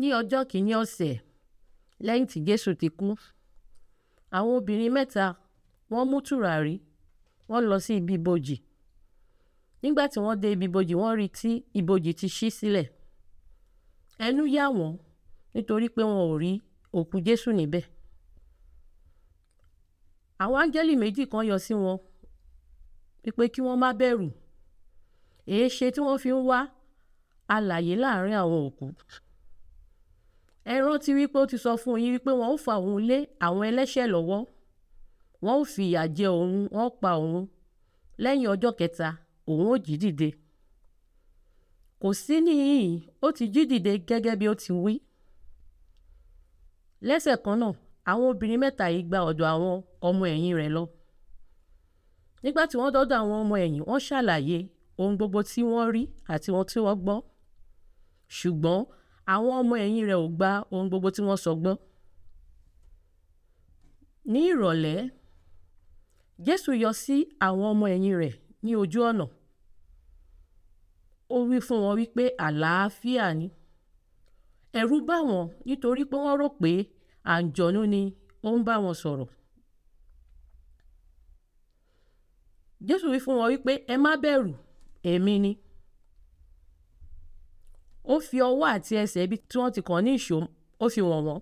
ní ọjọ́ kìíní ọ̀sẹ̀ lẹ́yìn tí jésù ti kú àwọn obìnrin mẹ́ta wọ́n mú tùràrí wọ́n lọ sí ibi ibojì nígbà tí wọ́n dé ibi ibojì wọ́n rí tí ibojì ti ṣí sílẹ̀ ẹnu yà wọ́n nítorí pé wọn ò rí òkú jésù níbẹ̀ àwọn áńgẹ́lì méjì kan yọ sí wọn pé kí wọ́n má bẹ̀rù èéṣe tí wọ́n fi ń wá alààyè láàrin àwọn òkú ẹ rántí wípé ó ti sọ fún yín wípé wọn ó fa òun lé àwọn ẹlẹ́ṣẹ̀ lọ́wọ́ wọn ó fìyà jẹ òun wọn ó pa òun lẹ́yìn ọjọ́ kẹta òun ó jí dìde kò sí níhìn ó ti jí dìde gẹ́gẹ́ bí ó ti wí lẹ́sẹ̀ kan náà àwọn obìnrin mẹ́ta yìí gba ọ̀dọ̀ àwọn ọmọ ẹ̀yìn rẹ̀ lọ nígbà tí wọ́n dọ́dọ̀ àwọn ọmọ ẹ̀yìn wọ́n ṣàlàyé ohun gbogbo tí wọ́n rí àti ohun tí wọ́n gbọ́ ṣùgbọ́n àwọn ọmọ ẹ̀yìn rẹ̀ ò gba ohun gbogbo tí wọ́n sọ gbọ́. ní ìrọ̀lẹ́ jésù yọ sí àwọn ọmọ ẹ̀yìn rẹ̀ ní ojú ọ̀nà ó wí fún wọn wípé àlàáfíà ni ẹ̀rù bá wọn nítorí pé wọ́n rò pé àǹjọ̀nú ni ó ń bá wọn sọ̀rọ̀ jésù wí fún wọn wípé ẹ má bẹ̀rù èmi ni ó fi ọwọ́ àti ẹsẹ̀ ibi tí wọ́n ti kàn ní ìṣó ó fi wọ̀n wọ́n.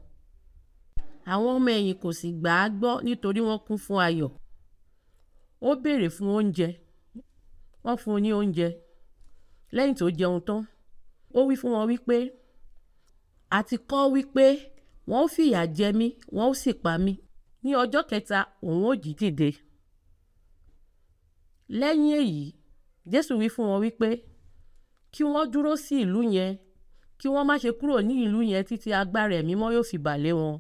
àwọn ọmọ ẹ̀yìn kò sì gbà á gbọ́ nítorí wọ́n kún fún ayọ̀. ó béèrè fún oúnjẹ wọ́n fún un ní oúnjẹ lẹ́yìn tó jẹun tán ó wí fún wọn wípé àti kọ́ wípé wọ́n ó fìyà jẹ mí wọ́n ó sì pa mí ní ọjọ́ kẹta òun ó jí dìde lẹ́yìn èyí jésù wí fún wọn wípé kí wọ́n dúró sí ìlú yẹn kí wọ́n má ṣe kúrò ní ìlú yẹn títí agbára ẹ̀mí mímọ́ yóò fi bà wọn